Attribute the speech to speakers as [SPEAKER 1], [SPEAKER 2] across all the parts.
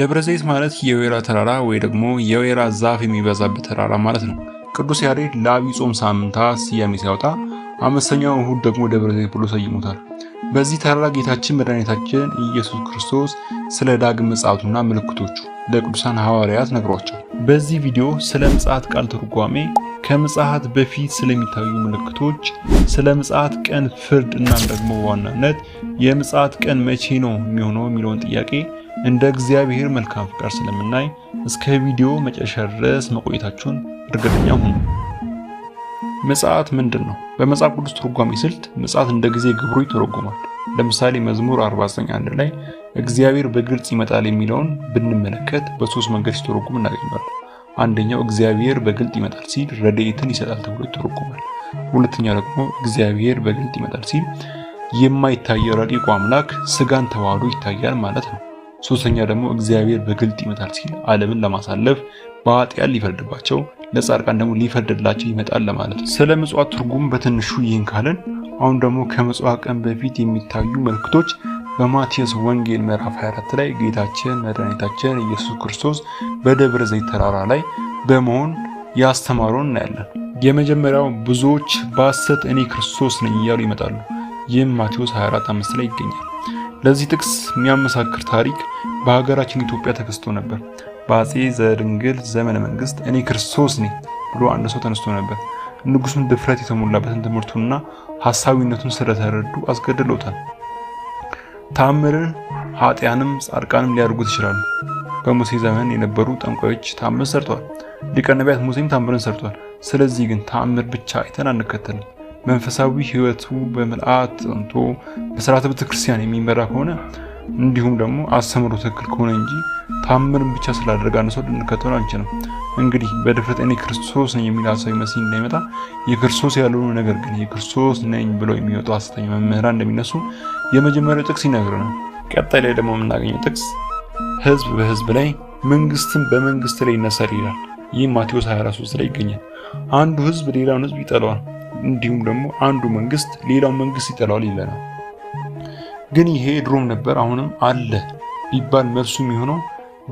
[SPEAKER 1] ደብረዘይት ማለት የወይራ ተራራ ወይ ደግሞ የወይራ ዛፍ የሚበዛበት ተራራ ማለት ነው። ቅዱስ ያሬድ ላቢ ጾም ሳምንታት ስያሜ ሲያወጣ አምስተኛው እሁድ ደግሞ ደብረ ዘይት ብሎ ሰይሞታል። በዚህ ተራራ ጌታችን መድኃኒታችን ኢየሱስ ክርስቶስ ስለ ዳግም ምጽአቱና ምልክቶቹ ለቅዱሳን ሐዋርያት ነግሯቸው። በዚህ ቪዲዮ ስለ ምጽአት ቃል ትርጓሜ፣ ከምጽአት በፊት ስለሚታዩ ምልክቶች፣ ስለ ምጽአት ቀን ፍርድ፣ እና ደግሞ በዋናነት የምጽአት ቀን መቼ ነው የሚሆነው የሚለውን ጥያቄ እንደ እግዚአብሔር መልካም ፍቃድ ስለምናይ እስከ ቪዲዮ መጨረሻ ድረስ መቆየታችሁን እርግጠኛ ሁኑ። ምጽአት ምንድን ነው? በመጽሐፍ ቅዱስ ትርጓሜ ስልት ምጽአት እንደ ጊዜ ግብሩ ይተረጎማል። ለምሳሌ መዝሙር 49 ላይ እግዚአብሔር በግልጽ ይመጣል የሚለውን ብንመለከት በሶስት መንገድ ሲተረጎም እናገኛለን። አንደኛው እግዚአብሔር በግልጥ ይመጣል ሲል ረድኤትን ይሰጣል ተብሎ ይተረጎማል። ሁለተኛው ደግሞ እግዚአብሔር በግልጥ ይመጣል ሲል የማይታየው ረቂቁ አምላክ ስጋን ተዋህዶ ይታያል ማለት ነው። ሶስተኛ ደግሞ እግዚአብሔር በግልጥ ይመጣል ሲል ዓለምን ለማሳለፍ በኃጢአን ሊፈርድባቸው ለጻድቃን ደግሞ ሊፈርድላቸው ይመጣል ለማለት ነው። ስለ ምጽዋት ትርጉም በትንሹ ይህን ካለን አሁን ደግሞ ከምጽዋ ቀን በፊት የሚታዩ ምልክቶች በማቴዎስ ወንጌል ምዕራፍ 24 ላይ ጌታችን መድኃኒታችን ኢየሱስ ክርስቶስ በደብረ ዘይት ተራራ ላይ በመሆን ያስተማረውን እናያለን። የመጀመሪያው ብዙዎች በሐሰት እኔ ክርስቶስ ነኝ እያሉ ይመጣሉ። ይህም ማቴዎስ 24 5 ላይ ይገኛል። ለዚህ ጥቅስ የሚያመሳክር ታሪክ በሀገራችን ኢትዮጵያ ተከስቶ ነበር። በአጼ ዘድንግል ዘመነ መንግስት እኔ ክርስቶስ ነኝ ብሎ አንድ ሰው ተነስቶ ነበር። ንጉሱን ድፍረት የተሞላበትን ትምህርቱና ሀሳዊነቱን ስለተረዱ አስገድለውታል። ታምርን ኃጢያንም ጻድቃንም ሊያደርጉት ይችላሉ። በሙሴ ዘመን የነበሩ ጠንቋዮች ታምር ሰርተዋል። ሊቀ ነቢያት ሙሴም ታምርን ሰርቷል። ስለዚህ ግን ታምር ብቻ አይተን አንከተልም። መንፈሳዊ ህይወቱ በምልአት ጸንቶ በስርዓተ ቤተ ክርስቲያን የሚመራ ከሆነ እንዲሁም ደግሞ አስተምሮ ትክክል ከሆነ እንጂ ታምርን ብቻ ስላደረገ አንድ ሰው ልንከተለው አንችልም። እንግዲህ በድፍረት እኔ ክርስቶስ ነኝ የሚል ሀሳዊ መሲ እንዳይመጣ የክርስቶስ ያልሆኑ ነገር ግን የክርስቶስ ነኝ ብለው የሚወጡ ሐሰተኛ መምህራን እንደሚነሱ የመጀመሪያው ጥቅስ ነው። ቀጣይ ላይ ደግሞ የምናገኘው ጥቅስ ህዝብ በህዝብ ላይ መንግስትም በመንግስት ላይ ይነሳል ይላል። ይህም ማቴዎስ 23 ላይ ይገኛል። አንዱ ህዝብ ሌላውን ህዝብ ይጠለዋል። እንዲሁም ደግሞ አንዱ መንግስት ሌላው መንግስት ይጠላዋል ይለናል። ግን ይሄ ድሮም ነበር አሁንም አለ ሊባል መልሱ የሚሆነው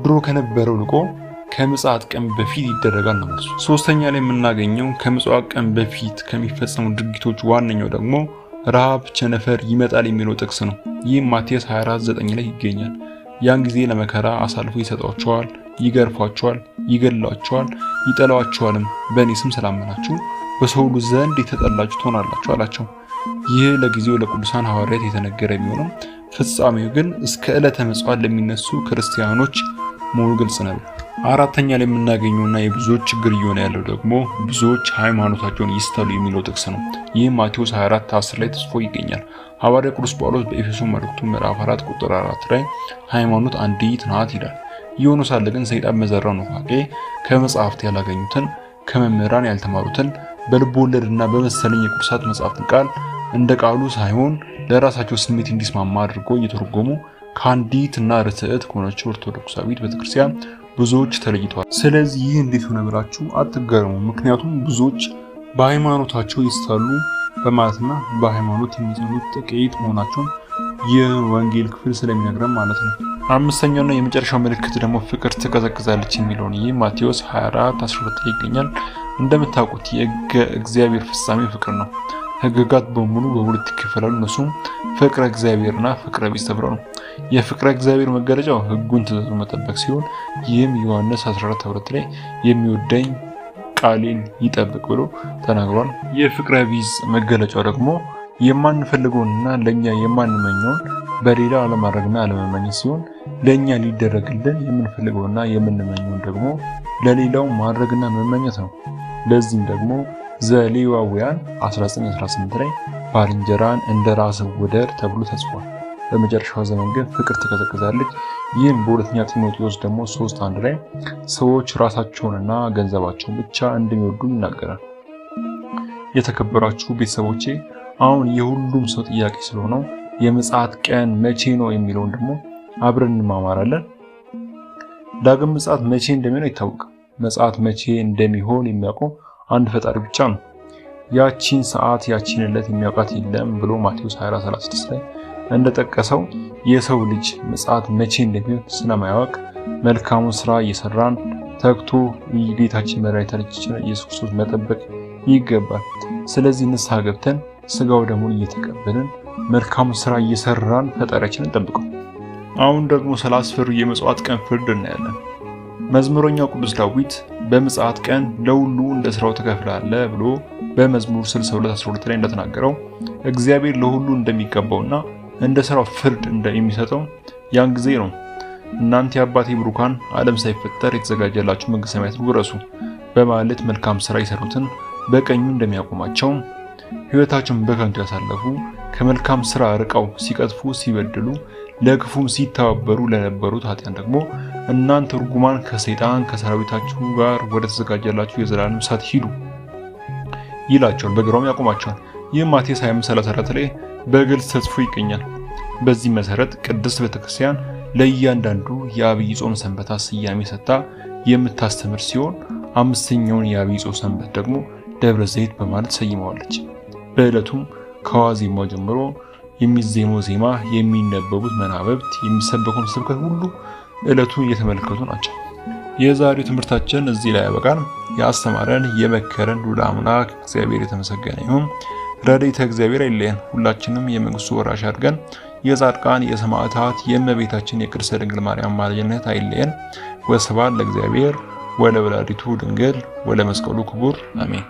[SPEAKER 1] ድሮ ከነበረው ልቆ ከምጽአት ቀን በፊት ይደረጋል ነው መልሱ። ሶስተኛ ላይ የምናገኘው ከምጽአት ቀን በፊት ከሚፈጸሙ ድርጊቶች ዋነኛው ደግሞ ረሃብ፣ ቸነፈር ይመጣል የሚለው ጥቅስ ነው። ይህም ማቴዎስ 24:9 ላይ ይገኛል። ያን ጊዜ ለመከራ አሳልፎ ይሰጧቸዋል፣ ይገርፏቸዋል፣ ይገላቸዋል ይጠላዋቸዋልም በእኔ ስም ስላመናችሁ በሰው ሁሉ ዘንድ የተጠላችሁ ትሆናላችሁ አላቸው። ይህ ለጊዜው ለቅዱሳን ሐዋርያት የተነገረ ቢሆንም ፍጻሜው ግን እስከ ዕለተ መጽዋት ለሚነሱ ክርስቲያኖች መሆኑ ግልጽ ነበር። አራተኛ ላይ የምናገኘውና የብዙዎች ችግር እየሆነ ያለው ደግሞ ብዙዎች ሃይማኖታቸውን ይስተሉ የሚለው ጥቅስ ነው። ይህ ማቴዎስ 24 10 ላይ ተጽፎ ይገኛል። ሐዋርያ ቅዱስ ጳውሎስ በኤፌሶ መልእክቱ ምዕራፍ 4 ቁጥር 4 ላይ ሃይማኖት አንዲት ናት ይላል። ይሆኑ ሳለ ግን ሰይጣን በዘራው ኑፋቄ ከመጽሐፍት ያላገኙትን ከመምህራን ያልተማሩትን በልብ ወለድና በመሰለኝ የቅዱሳት መጽሐፍትን ቃል እንደ ቃሉ ሳይሆን ለራሳቸው ስሜት እንዲስማማ አድርጎ እየተረጎሙ ከአንዲት እና ርትዕት ከሆነችው ኦርቶዶክሳዊት ቤተክርስቲያን ብዙዎች ተለይተዋል። ስለዚህ ይህ እንዴት ሆነ ብላችሁ አትገረሙ። ምክንያቱም ብዙዎች በሃይማኖታቸው ይስታሉ በማለትና በሃይማኖት የሚጸኑት ጥቂት መሆናቸውን የወንጌል ክፍል ስለሚነግረን ማለት ነው። አምስተኛውና የመጨረሻው ምልክት ደግሞ ፍቅር ትቀዘቅዛለች የሚለውን ይህ ማቴዎስ 24 12 ይገኛል። እንደምታውቁት እግዚአብሔር ፍጻሜ ፍቅር ነው። ህግጋት በሙሉ በሁለት ይከፈላሉ። እነሱም ፍቅረ እግዚአብሔርና ፍቅረ ቢጽ ተብለው ነው። የፍቅረ እግዚአብሔር መገለጫው ህጉን ትእዛዙን መጠበቅ ሲሆን ይህም ዮሐንስ 14:2 ላይ የሚወደኝ ቃሌን ይጠብቅ ብሎ ተናግሯል። የፍቅረ ቢጽ መገለጫው ደግሞ የማንፈልገውንና ለኛ የማንመኘውን በሌላ አለማድረግና አለመመኘት ሲሆን ለኛ ሊደረግልን የምንፈልገውና የምንመኘውን ደግሞ ለሌላው ማድረግና መመኘት ነው። ለዚህም ደግሞ ዘሌዋውያን 1918 ላይ ባልንጀራን እንደ ራስ ውደድ ተብሎ ተጽፏል። በመጨረሻው ዘመን ግን ፍቅር ትቀዘቅዛለች። ይህም በሁለተኛ ጢሞቴዎስ ደግሞ ሶስት አንድ ላይ ሰዎች ራሳቸውንና ገንዘባቸውን ብቻ እንደሚወዱ ይናገራል። የተከበራችሁ ቤተሰቦቼ አሁን የሁሉም ሰው ጥያቄ ስለሆነው የምጽአት ቀን መቼ ነው የሚለውን ደግሞ አብረን እንማማራለን። ዳግም ምጽአት መቼ እንደሚሆን አይታወቅም። መጽዓት መቼ እንደሚሆን የሚያውቀው አንድ ፈጣሪ ብቻ ነው። ያቺን ሰዓት ያቺን ዕለት የሚያውቃት የለም ብሎ ማቴዎስ 24:36 ላይ እንደጠቀሰው የሰው ልጅ መጽዓት መቼ እንደሚሆን ስለማያውቅ መልካሙን ስራ እየሰራን ተግቶ ጌታችን መድኃኒታችን ኢየሱስ ክርስቶስ መጠበቅ ይገባል። ስለዚህ ንስሐ ገብተን ስጋው ደሙን እየተቀበልን መልካሙን ስራ እየሰራን ፈጣሪያችንን እንጠብቀው አሁን ደግሞ ስለ የመጽዋት ቀን ፍርድ እናያለን። መዝሙረኛው ቅዱስ ዳዊት በምጽአት ቀን ለሁሉ እንደ ስራው ትከፍላለህ ብሎ በመዝሙር 62:12 ላይ እንደተናገረው እግዚአብሔር ለሁሉ እንደሚገባውና እንደ ስራው ፍርድ የሚሰጠው ያን ጊዜ ነው። እናንተ የአባቴ ብሩካን ዓለም ሳይፈጠር የተዘጋጀላችሁ መንግሥተ ሰማያትን ውረሱ በማለት መልካም ስራ ይሰሩትን በቀኙ እንደሚያቆማቸው ሕይወታቸውን በከንቱ ያሳለፉ ከመልካም ስራ ርቀው ሲቀጥፉ፣ ሲበድሉ፣ ለክፉም ሲተባበሩ ለነበሩት ኃጢያን ደግሞ እናንተ ርጉማን ከሰይጣን ከሰራዊታችሁ ጋር ወደ ተዘጋጀላችሁ የዘላለም እሳት ሂዱ ይላቸዋል፣ በግራውም ያቆማቸዋል። ይህ ማቴዎስ ላይ በግልጽ ተጽፎ ይገኛል። በዚህ መሰረት ቅድስት ቤተክርስቲያን ለእያንዳንዱ የአብይ ጾም ሰንበት ስያሜ ሰጥታ የምታስተምር ሲሆን አምስተኛውን የአብይ ጾም ሰንበት ደግሞ ደብረ ዘይት በማለት ሰይመዋለች። በዕለቱም ከዋዜማው ጀምሮ የሚዜመው ዜማ፣ የሚነበቡት መናበብት፣ የሚሰበከው ስብከት ሁሉ ዕለቱን እየተመለከቱ ናቸው። የዛሬው ትምህርታችን እዚህ ላይ ያበቃል። ያስተማረን የመከረን ሉል አምላክ እግዚአብሔር የተመሰገነ ይሁን። ረድኤተ እግዚአብሔር አይለየን። ሁላችንም የመንግስቱ ወራሽ አድርገን የጻድቃን የሰማዕታት የእመቤታችን የቅርሰ ድንግል ማርያም ማልጅነት አይለየን። ወስብሐት ለእግዚአብሔር ወለወላዲቱ ድንግል ወለመስቀሉ ክቡር አሜን።